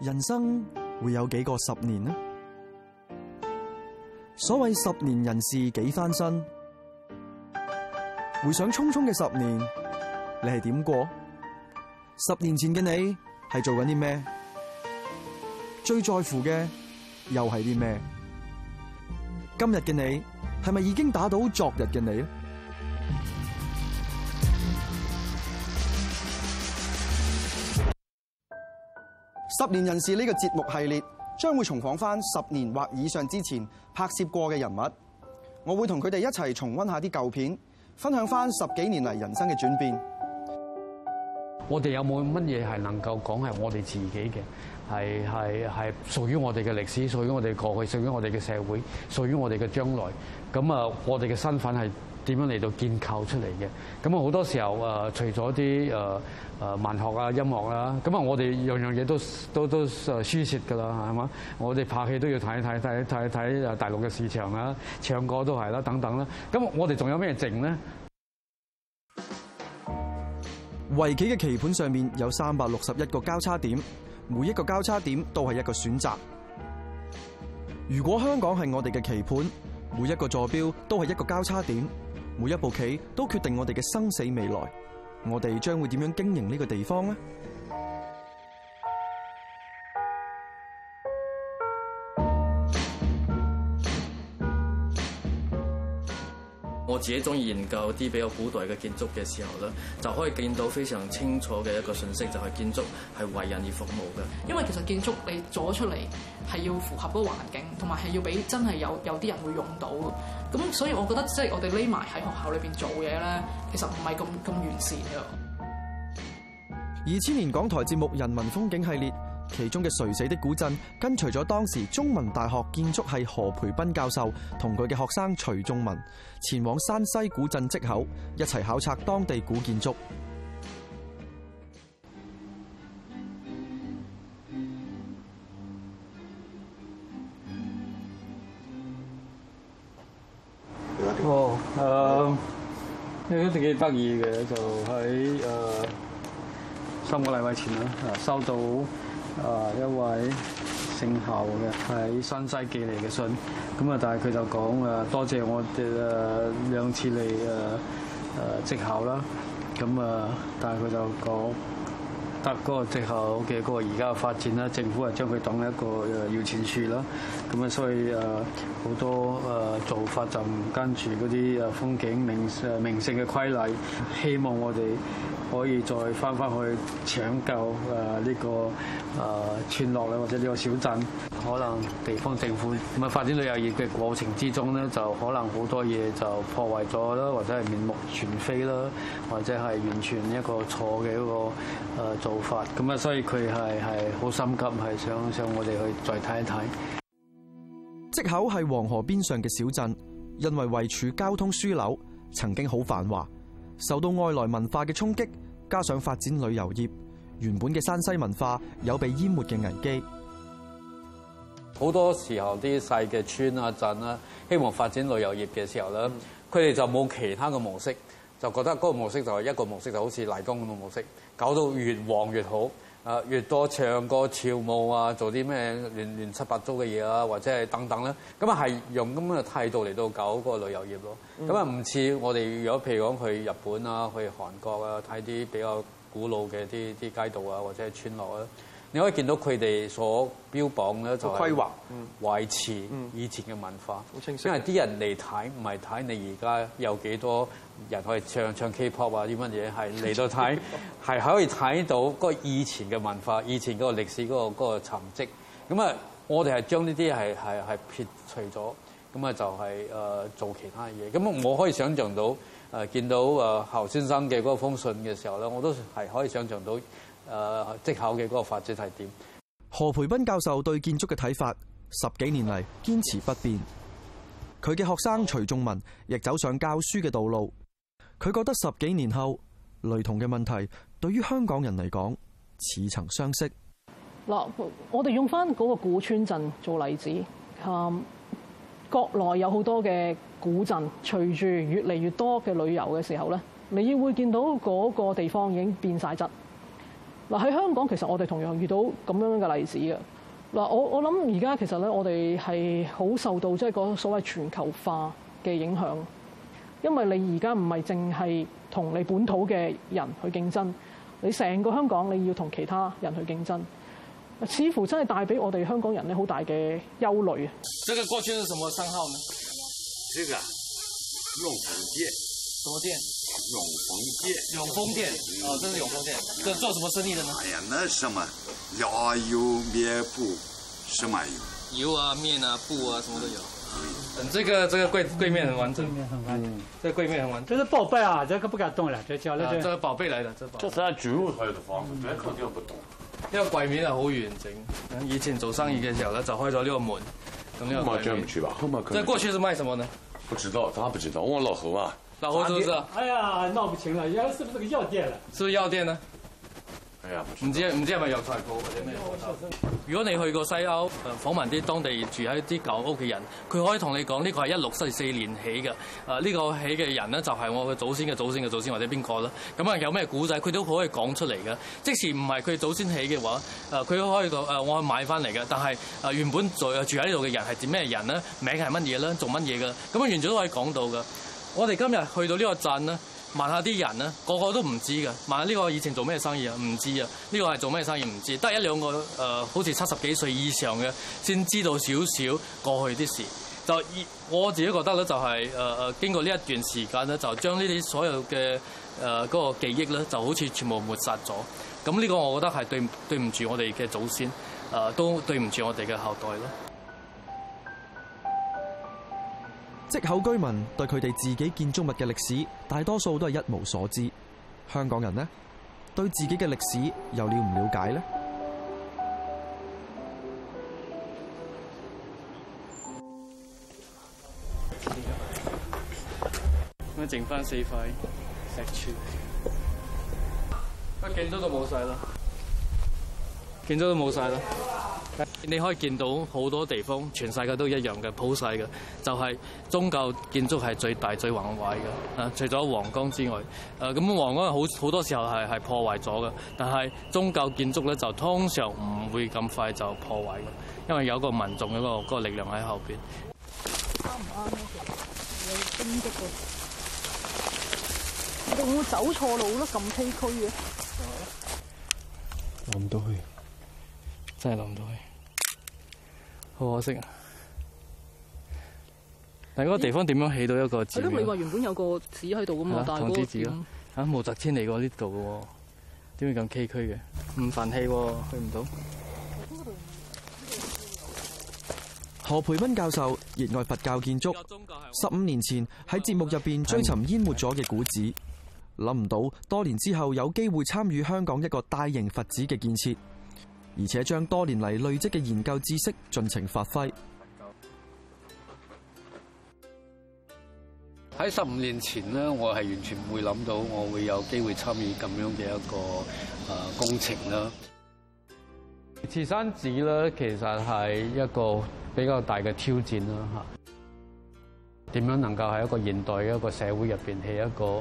人生會有幾個十年呢？所謂十年人事幾翻新，回想匆匆嘅十年，你係點過？十年前嘅你係做緊啲咩？最在乎嘅又係啲咩？今日嘅你係咪已經打倒昨日嘅你？年人事呢個節目系列將會重訪翻十年或以上之前拍攝過嘅人物，我會同佢哋一齊重溫一下啲舊片，分享翻十幾年嚟人生嘅轉變。我哋有冇乜嘢係能夠講係我哋自己嘅？係係係屬於我哋嘅歷史，屬於我哋過去，屬於我哋嘅社會，屬於我哋嘅將來？咁啊，我哋嘅身份係。點樣嚟到建構出嚟嘅咁啊？好多時候誒，除咗啲誒誒文學啊、音樂啦，咁啊，我哋樣樣嘢都都都輸蝕㗎啦，係嘛？我哋拍戲都要睇睇睇睇睇誒大陸嘅市場啊，唱歌都係啦，等等啦。咁我哋仲有咩剩咧？圍棋嘅棋盤上面有三百六十一個交叉點，每一個交叉點都係一個選擇。如果香港係我哋嘅棋盤，每一個座標都係一個交叉點。每一步棋都決定我哋嘅生死未來，我哋將會點樣經營呢個地方呢？自己中意研究啲比較古代嘅建築嘅時候咧，就可以見到非常清楚嘅一個信息，就係、是、建築係為人而服務嘅。因為其實建築你做出嚟係要符合嗰個環境，同埋係要俾真係有有啲人會用到。咁所以我覺得即係、就是、我哋匿埋喺學校裏邊做嘢咧，其實唔係咁咁完善嘅。二千年港台節目《人文風景》系列。其中嘅垂死的古鎮，跟隨咗當時中文大學建築系何培斌教授同佢嘅學生徐仲文，前往山西古鎮磧口，一齊考察當地古建築。哦，有一件幾得意嘅，就喺誒三個禮拜前啦，收到。啊，一位姓侯嘅喺山西寄嚟嘅信，咁啊，但係佢就講啊，多謝我哋誒兩次嚟誒誒磧口啦，咁啊，但係佢就講得嗰個磧口嘅嗰個而家嘅發展啦，政府係將佢當一個誒要錢樹啦，咁啊，所以誒好多誒做法就唔跟住嗰啲誒風景名誒名勝嘅規例，希望我哋，可以再返返去搶救誒呢個誒村落咧，或者呢個小鎮，可能地方政府唔係發展旅遊業嘅過程之中咧，就可能好多嘢就破壞咗啦，或者係面目全非啦，或者係完全一個錯嘅一個誒做法。咁啊，所以佢係係好心急，係想想我哋去再睇一睇。磧口係黃河邊上嘅小鎮，因為位處交通樞紐，曾經好繁華。受到外來文化嘅衝擊，加上發展旅遊業，原本嘅山西文化有被淹沒嘅危機。好多時候啲細嘅村啊鎮啊希望發展旅遊業嘅時候咧，佢哋、嗯、就冇其他嘅模式，就覺得嗰個模式就係一個模式，就好似麗江咁嘅模式，搞到越旺越好。誒，越多唱歌、跳舞啊，做啲咩亂七八糟嘅嘢啊，或者係等等咧，咁啊係用咁樣嘅態度嚟到搞嗰個旅遊業咯。咁啊唔似我哋如果譬如講去日本啊，去韓國啊，睇啲比較古老嘅啲啲街道啊，或者係村落啊。你可以見到佢哋所標榜咧，就係維持以前嘅文化。因為啲人嚟睇唔係睇你而家有幾多人去唱唱 K-pop 啊啲乜嘢，係嚟到睇係可以睇到個以前嘅文化，以前嗰個歷史嗰個嗰個沉積。咁啊，我哋係將呢啲係係係撇除咗，咁啊就係、是、誒做其他嘢。咁我可以想像到誒見到誒侯先生嘅封信嘅時候咧，我都係可以想像到。誒，磧口嘅嗰個發展係點？何培斌教授對建築嘅睇法，十幾年嚟堅持不變，佢嘅學生徐仲文亦走上教書嘅道路。佢覺得十幾年後雷同嘅問題對於香港人嚟講似曾相識。嗱，我哋用翻嗰個古村鎮做例子。國內有好多嘅古鎮隨住越嚟越多嘅旅遊嘅時候咧，你會見到嗰個地方已經變晒質。嗱，喺香港其實我哋同樣遇到咁樣嘅例子嘅。嗱，我我諗而家其實咧，我哋係好受到即係個所謂全球化嘅影響，因為你而家唔係淨係同你本土嘅人去競爭，你成個香港你要同其他人去競爭，似乎真係帶俾我哋香港人咧，好大嘅憂慮啊！呢個過去係什麼生肖呢？呢個，龍虎爺。羅店永豐店，永豐店啊，這是永豐店，這做什麼生意的呢？哎呀，那什麼，油、麵、布，什麼有？油啊，麵啊，布啊，什麼都有。這個這個櫃櫃面很完整，這櫃面很完整，這個寶貝啊，這個不敢動了，這叫那這寶貝來的，這是他主臥開的房子，肯定不動，因為櫃面好完整。以前做生意的時候呢，就開咗呢個門，冇進唔去吧？這過去是賣什麼呢？不知道，他不知道，我老何啊。嗱，胡、啊，是不哎呀，鬧不清啦。原來是不是這個藥店啦？是不是藥店呢？哎呀，唔知唔知係咪藥材鋪。如果你去過西歐，誒、呃，訪問啲當地住喺啲舊屋嘅人，佢可以同你講呢個係一六四四年起嘅。誒、呃，呢、這個起嘅人呢，就係、是、我嘅祖先嘅祖先嘅祖先,祖先或者邊個啦。咁啊，有咩古仔，佢都可以講出嚟噶。即使唔係佢祖先起嘅話，誒、呃，佢都可以講。誒、呃，我係買翻嚟嘅，但係誒、呃、原本住在住喺呢度嘅人係點咩人呢？名係乜嘢啦？做乜嘢噶？咁啊，完全都可以講到噶。我哋今日去到呢個鎮咧，問下啲人咧，個個都唔知㗎。問下呢個以前做咩生意啊？唔知啊。呢個係做咩生意，唔知。得一兩個誒、呃，好似七十幾歲以上嘅先知道少少過去啲事。就我自己覺得咧，就係誒誒，經過呢一段時間咧，就將呢啲所有嘅誒嗰個記憶咧，就好似全部抹殺咗。咁呢個我覺得係對對唔住我哋嘅祖先，誒、呃、都對唔住我哋嘅後代咯。磧口居民對佢哋自己建築物嘅歷史，大多數都係一無所知。香港人呢，對自己嘅歷史又了唔了解呢？剩返四塊，石磚，啊，建築都冇晒啦，建築都冇晒啦。你可以見到好多地方，全世界都一樣嘅普世嘅，就係、是、宗教建築係最大、最宏偉嘅。啊，除咗皇宮之外，誒咁皇宮好好多時候係係破壞咗嘅，但係宗教建築咧就通常唔會咁快就破壞嘅，因為有個民眾嘅個嗰力量喺後邊。啱唔啱啊？有攻擊啊！我會唔會走錯路咧？咁崎嶇嘅。諗唔到、嗯、去，真係諗唔到去。好可惜啊！但嗰個地方點樣起到一個？係咯，你話原本有個寺喺度噶嘛？童子寺咯。寺啊，武澤天嚟過呢度嘅，點會咁崎嶇嘅？唔忿氣，去唔到。何培斌教授熱愛佛教建築，十五年前喺節目入邊追尋淹沒咗嘅古寺，諗唔到多年之後有機會參與香港一個大型佛寺嘅建設。而且將多年嚟累積嘅研究知識盡情發揮。喺十五年前咧，我係完全唔會諗到我會有機會參與咁樣嘅一個誒工程啦。慈山寺咧，其實係一個比較大嘅挑戰啦。吓，點樣能夠喺一個現代一個社會入邊，起一個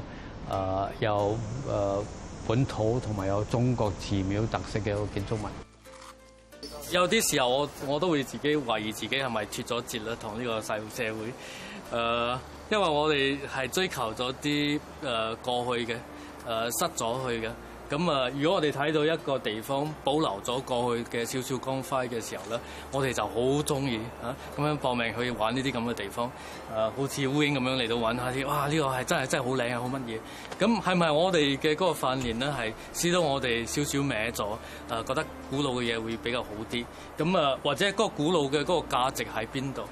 誒有誒本土同埋有中國寺廟特色嘅一個建築物？有啲時候我，我我都會自己懷疑自己係咪脫咗節啦，同呢個細路社會，誒、呃，因為我哋係追求咗啲誒過去嘅，誒、呃、失咗去嘅。咁啊！如果我哋睇到一個地方保留咗過去嘅少少光輝嘅時候咧，我哋就好中意嚇咁樣搏命去玩呢啲咁嘅地方。誒，好似烏蠅咁樣嚟到玩下啲，哇！啊、呢個係真係真係好靚啊，好乜嘢？咁係咪我哋嘅嗰個訓練咧，係使得我哋少少歪咗？誒，覺得古老嘅嘢會比較好啲。咁啊，或者嗰個古老嘅嗰個價值喺邊度？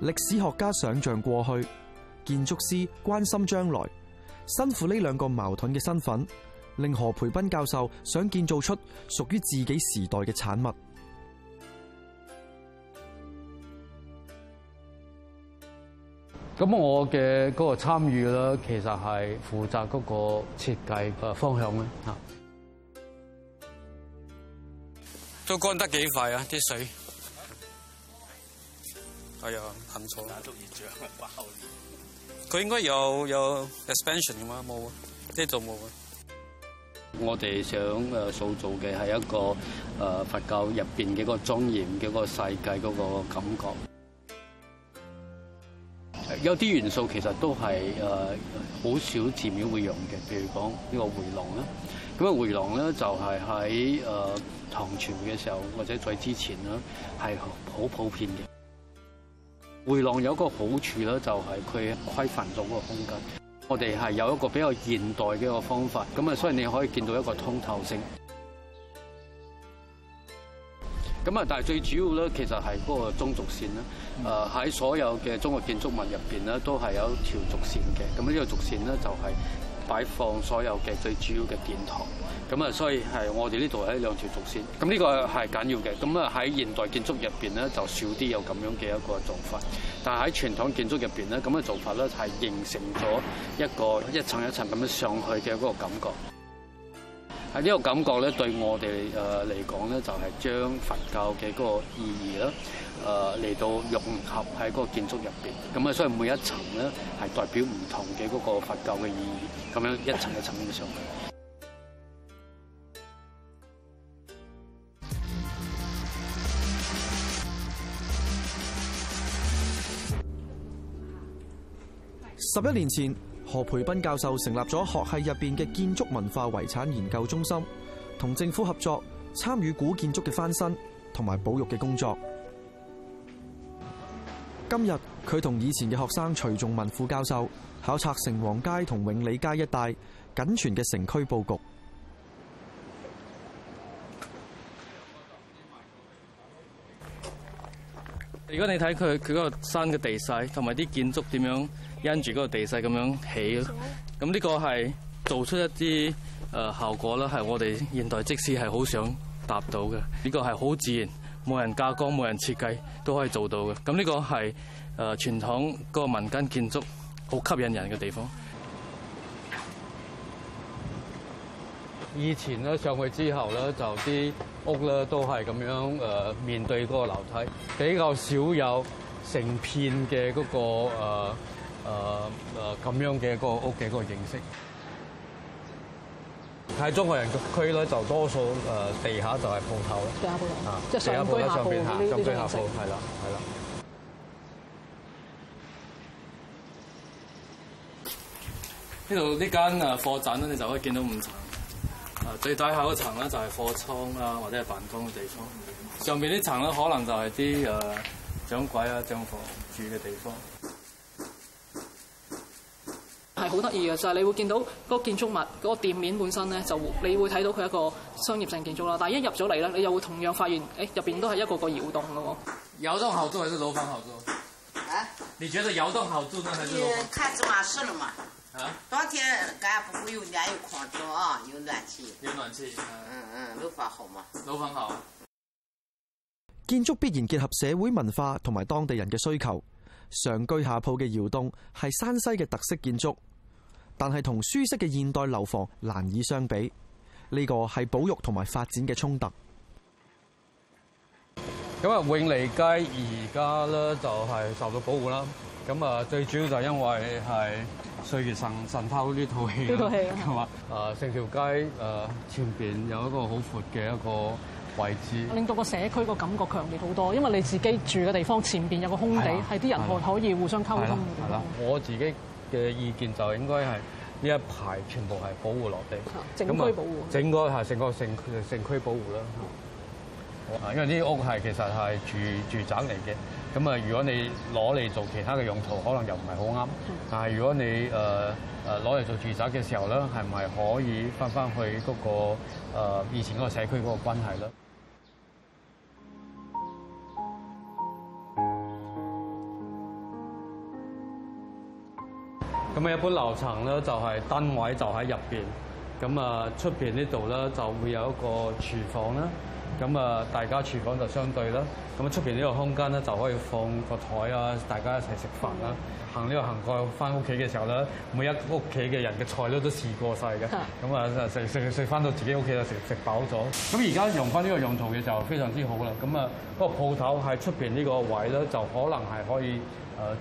歷史學家想象過去，建築師關心將來。身負呢兩個矛盾嘅身份，令何培斌教授想建造出屬於自己時代嘅產物。咁我嘅嗰個參與啦，其實係負責嗰個設計嘅方向咧，吓。都乾得幾快啊！啲水。係、哎、啊，很彩。佢應該有有 expansion 嘅嘛，冇啊？即係做冇啊。我哋想誒塑造嘅係一個誒佛教入邊嘅個莊嚴嘅個世界嗰個感覺。有啲元素其實都係誒好少寺廟會用嘅，譬如講呢個迴廊啦。咁啊迴廊咧就係喺誒唐傳嘅時候或者在之前啦，係好普遍嘅。回廊有一個好處咧，就係佢規範咗個空間。我哋係有一個比較現代嘅一個方法，咁啊，所以你可以見到一個通透性。咁啊，但係最主要咧，其實係嗰個中軸線啦。誒喺所有嘅中國建築物入邊咧，都係有一條軸線嘅。咁呢個軸線咧，就係擺放所有嘅最主要嘅殿堂。咁啊，所以係我哋呢度喺兩條軸線，咁呢個係緊要嘅。咁啊，喺現代建築入邊咧，就少啲有咁樣嘅一個做法。但係喺傳統建築入邊咧，咁嘅做法咧係形成咗一個一層一層咁樣上去嘅嗰個感覺。喺呢個感覺咧，對我哋誒嚟講咧，就係將佛教嘅嗰個意義啦，誒嚟到融合喺嗰個建築入邊。咁啊，所以每一層咧係代表唔同嘅嗰個佛教嘅意義，咁樣一層一層咁樣上去。十一年前，何培斌教授成立咗學系入邊嘅建築文化遺產研究中心，同政府合作，參與古建築嘅翻新同埋保育嘅工作。今日佢同以前嘅學生徐仲文副教授考察城皇街同永利街一帶僅存嘅城區布局。如果你睇佢佢個山嘅地勢同埋啲建築點樣因住嗰個地勢咁樣起，咁呢個係做出一啲誒、呃、效果啦，係我哋現代即使係好想達到嘅，呢、這個係好自然，冇人加工，冇人設計都可以做到嘅。咁呢個係誒傳統嗰個民間建築好吸引人嘅地方。以前咧上去之後咧，就啲屋咧都係咁樣誒，面對嗰個樓梯，比較少有成片嘅嗰個誒誒誒咁樣嘅個屋嘅個形式。喺中國人嘅區咧，就多數誒地下就係鋪頭，地下鋪頭，即係是上邊下鋪上下鋪上下鋪，係啦，係啦。呢度呢間誒貨棧咧，你就可以見到唔。最大下嗰層咧就係貨倉啦，或者係辦公嘅地、呃、地方。上面呢層咧可能就係啲誒掌櫃啊、帳房住嘅地方。係好得意嘅，就係、是、你會見到嗰個建築物、嗰、那個店面本身咧，就你會睇到佢一個商業性建築啦。但係一入咗嚟咧，你又會同樣發現，誒入邊都係一個個窯洞嘅喎。窯洞好住還是樓房好住？啊？你覺得窯洞好住定係樓房？啊、你看啦嘛。天乾不會又暖又寬敞啊，有暖氣，有暖氣，嗯嗯樓房好嘛？樓房好。建築必然結合社會文化同埋當地人嘅需求。上居下鋪嘅窯洞係山西嘅特色建築，但係同舒適嘅現代樓房難以相比。呢個係保育同埋發展嘅衝突。咁啊，永利街而家咧就係、是、受到保護啦。咁啊，最主要就係因為係《歲月神神偷》呢套戲，呢套戲，係嘛吧？誒，成條街誒、呃、前邊有一個好闊嘅一個位置，令到個社區個感覺強烈好多。因為你自己住嘅地方前邊有個空地，係啲吧人可以互相溝通。係啦，我自己嘅意見就應該係呢一排全部係保護落地，整區保護，整個係成個城城區保護啦。啊，因為呢啲屋係其實係住住宅嚟嘅，咁啊，如果你攞嚟做其他嘅用途，可能又唔係好啱。嗯、但係如果你誒誒攞嚟做住宅嘅時候咧，係咪可以翻翻去嗰個、呃、以前嗰個社區嗰個關係咧？咁啊，一般樓層咧就係單位就喺入邊，咁啊出邊呢度咧就會有一個廚房啦。咁啊，大家廚房就相對啦。咁出邊呢個空間咧，就可以放個台啊，大家一齊食飯啦。行呢個行過翻屋企嘅時候咧，每一屋企嘅人嘅菜咧都試過曬嘅，咁啊食食食食翻到自己屋企就食食飽咗。咁而家用翻呢個用途嘅就非常之好啦。咁啊，個鋪頭喺出邊呢個位咧，就可能係可以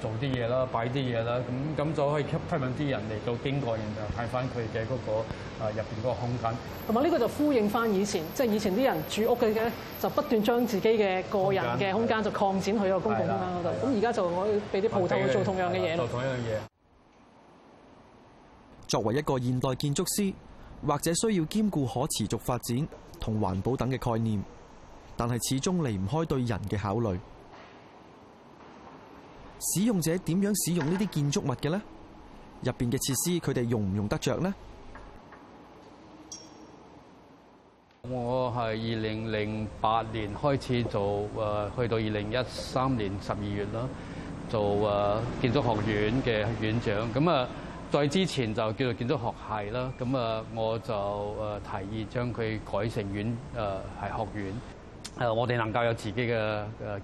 做啲嘢啦，擺啲嘢啦，咁咁就可以吸引啲人嚟到經過，然後睇翻佢嘅嗰個入邊嗰個空間。同埋呢個就呼應翻以前，即係以前啲人住屋嘅咧，就不斷將自己嘅個人嘅空間，空間對 就擴展去個公共空間嗰度。咁而家就可以俾啲鋪頭做同樣嘅的。再講一樣嘢。作為一個現代建築師，或者需要兼顧可持續發展同環保等嘅概念，但係始終離唔開對人嘅考慮。使用者點樣使用呢啲建築物嘅呢？入邊嘅設施，佢哋用唔用得着呢？我係二零零八年開始做，誒，去到二零一三年十二月啦。做誒建築學院嘅院長，咁啊，在之前就叫做建築學系啦，咁啊，我就誒提議將佢改成院，誒係學院，誒我哋能夠有自己嘅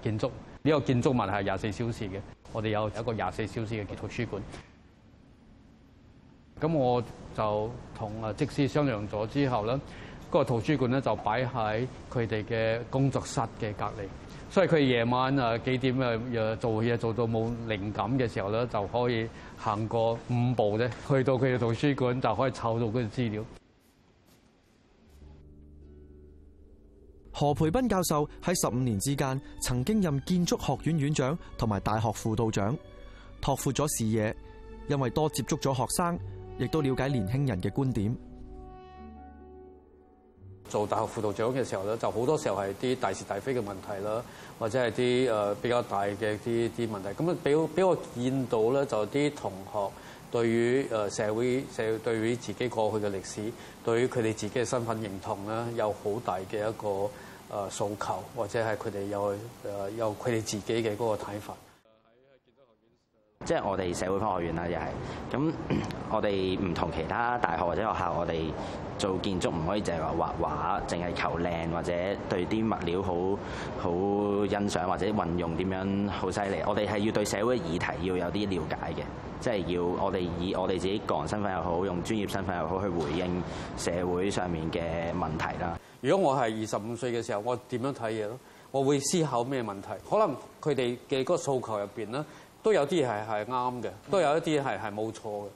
誒建築呢、呢個建築物係廿四小時嘅，我哋有有一個廿四小時嘅圖書館。咁我就同啊職師商量咗之後咧，個圖書館咧就擺喺佢哋嘅工作室嘅隔離。所以佢夜晚啊幾點啊做嘢做到冇靈感嘅時候咧，就可以行過五步咧，去到佢嘅圖書館就可以抄到嗰啲資料。何培斌教授喺十五年之間曾經任建築學院院長同埋大學輔導長，拓闊咗視野，因為多接觸咗學生，亦都了解年輕人嘅觀點。做大學副導長嘅時候咧，就好多時候係啲大是大非嘅問題啦，或者係啲誒比較大嘅啲啲問題，咁啊，俾俾我見到咧，就啲同學對於誒社會社對於自己過去嘅歷史，對於佢哋自己嘅身份認同咧，有好大嘅一個誒訴求，或者係佢哋有誒有佢哋自己嘅個睇法。即係我哋社會科學院啦，又係咁。我哋唔同其他大學或者學校，我哋做建築唔可以淨係話畫畫，淨係求靚，或者對啲物料好好欣賞，或者運用點樣好犀利。我哋係要對社會議題要有啲了解嘅，即係要我哋以我哋自己個人身份又好，用專業身份又好去回應社會上面嘅問題啦。如果我係二十五歲嘅時候，我點樣睇嘢咯？我會思考咩問題？可能佢哋嘅嗰個訴求入邊咧。都有啲係係啱嘅，都有一啲係係冇錯嘅。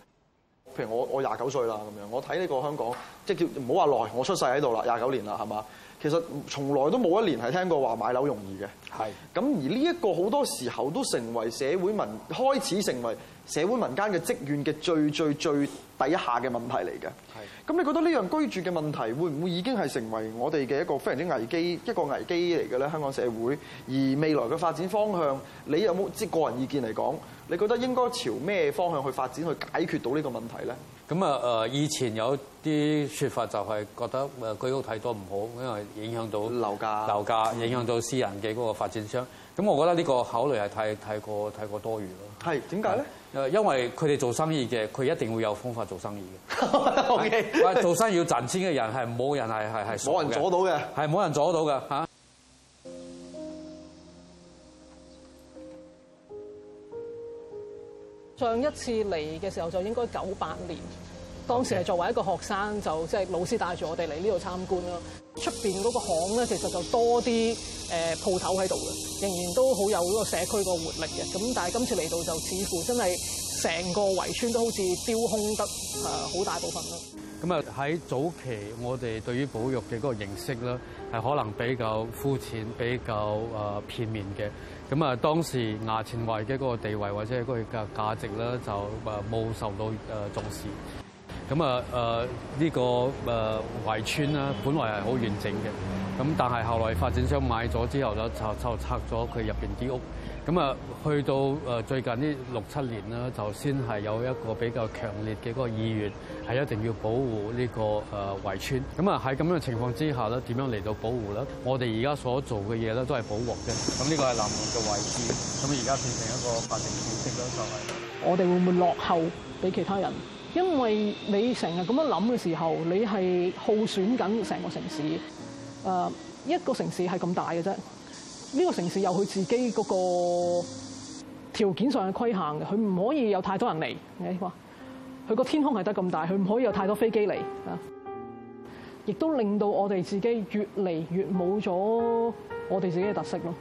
譬、嗯、如我我廿九歲啦咁樣，我睇呢個香港即係叫唔好話耐，我出世喺度啦，廿九年啦係嘛？其實從來都冇一年係聽過話買樓容易嘅。係。咁而呢一個好多時候都成為社會民開始成為社會民間嘅職怨嘅最最最底下嘅問題嚟嘅。係。咁你覺得呢樣居住嘅問題會唔會已經係成為我哋嘅一個非常之危機，一個危機嚟嘅咧？香港社會，而未來嘅發展方向，你有冇即個個人意見嚟講？你覺得應該朝咩方向去發展去解決到呢個問題咧？咁啊以前有啲說法就係覺得誒居屋太多唔好，因為影響到樓價、樓價影響到私人嘅嗰個發展商。咁、嗯、我覺得呢個考慮係太太過太過多餘咯。係點解咧？因為因為佢哋做生意嘅，佢一定會有方法做生意嘅。O K，做生意要賺錢嘅人係冇人係係係冇人阻到嘅，係冇的人阻到嘅吓。上一次嚟嘅時候就應該九八年，當時係作為一個學生，就即係老師帶住我哋嚟呢度參觀咯。出邊嗰個巷咧，其實就多啲誒鋪頭喺度嘅，仍然都好有嗰個社區個活力嘅。咁但係今次嚟到就似乎真係成個圍村都好似丟空得誒好、呃、大部分咯。咁啊喺早期我哋對於保育嘅嗰個形式咧，係可能比較膚淺、比較啊、呃、片面嘅。咁啊當時衙前圍嘅嗰個地位或者嗰個價值咧，就冇受到重視。咁啊、呃這個呃、呢個誒圍村啦，本來係好完整嘅。咁但係後來發展商買咗之後呢，就就拆咗佢入邊啲屋。咁啊，去到誒最近呢六七年啦，就先係有一個比較強烈嘅嗰個意願，係一定要保護呢個誒圍村。咁啊，喺咁樣嘅情況之下咧，點樣嚟到保護咧？我哋而家所做嘅嘢咧，都係保護嘅。咁呢個係南門嘅位置，咁而家變成一個法定站咁樣上嚟。我哋會唔會落後俾其他人？因為你成日咁樣諗嘅時候，你係耗損緊成個城市。誒，一個城市係咁大嘅啫。呢個城市有佢自己嗰個條件上嘅規限嘅，佢唔可以有太多人嚟。你話佢個天空係得咁大，佢唔可以有太多飛機嚟啊！亦都令到我哋自己越嚟越冇咗我哋自己嘅特色咯。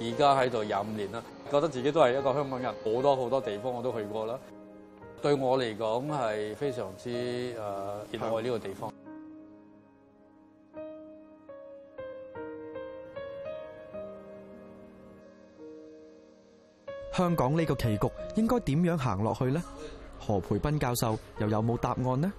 而家喺度廿五年啦，覺得自己都係一個香港人，好多好多地方我都去過啦。對我嚟講係非常之誒熱愛呢個地方。香港呢個棋局應該點樣行落去咧？何培斌教授又有冇答案呢？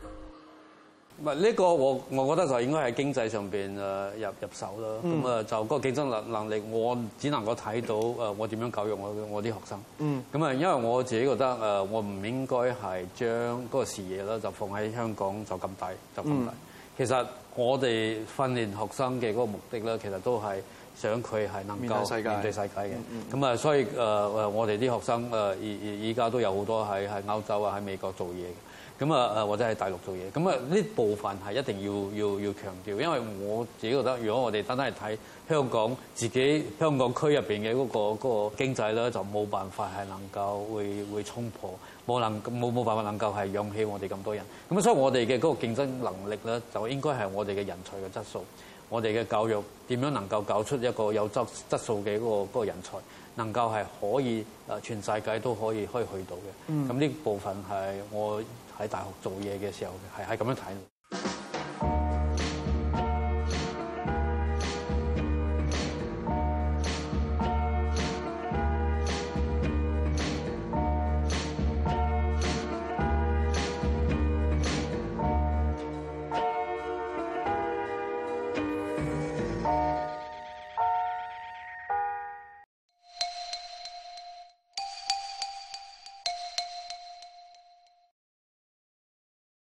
唔係呢個我，我覺得就應該喺經濟上邊誒入入手啦。咁啊，就個競爭能能力，我只能夠睇到誒，我點樣教育我我啲學生。嗯。咁啊，因為我自己覺得誒，我唔應該係將嗰個視野咧，就放喺香港就咁大就咁大。大嗯。其實我哋訓練學生嘅個目的咧，其實都係。想佢係能夠面對世界嘅，咁啊、嗯嗯，所以誒、uh, 我哋啲學生誒而而家都有好多喺喺歐洲啊，喺美國做嘢嘅，咁啊、uh, 或者喺大陸做嘢，咁啊呢部分係一定要要要強調，因為我自己覺得，如果我哋單單係睇香港自己香港區入邊嘅嗰個嗰個經濟咧，就冇辦法係能夠會會衝破，冇能冇冇辦法能夠係養起我哋咁多人，咁啊，所以我哋嘅嗰個競爭能力咧，就應該係我哋嘅人才嘅質素。我哋嘅教育點樣能夠搞出一個有質質素嘅嗰個嗰個人才，能夠係可以誒，全世界都可以可以去到嘅。嗯，咁呢部分係我喺大學做嘢嘅時候，係係咁樣睇。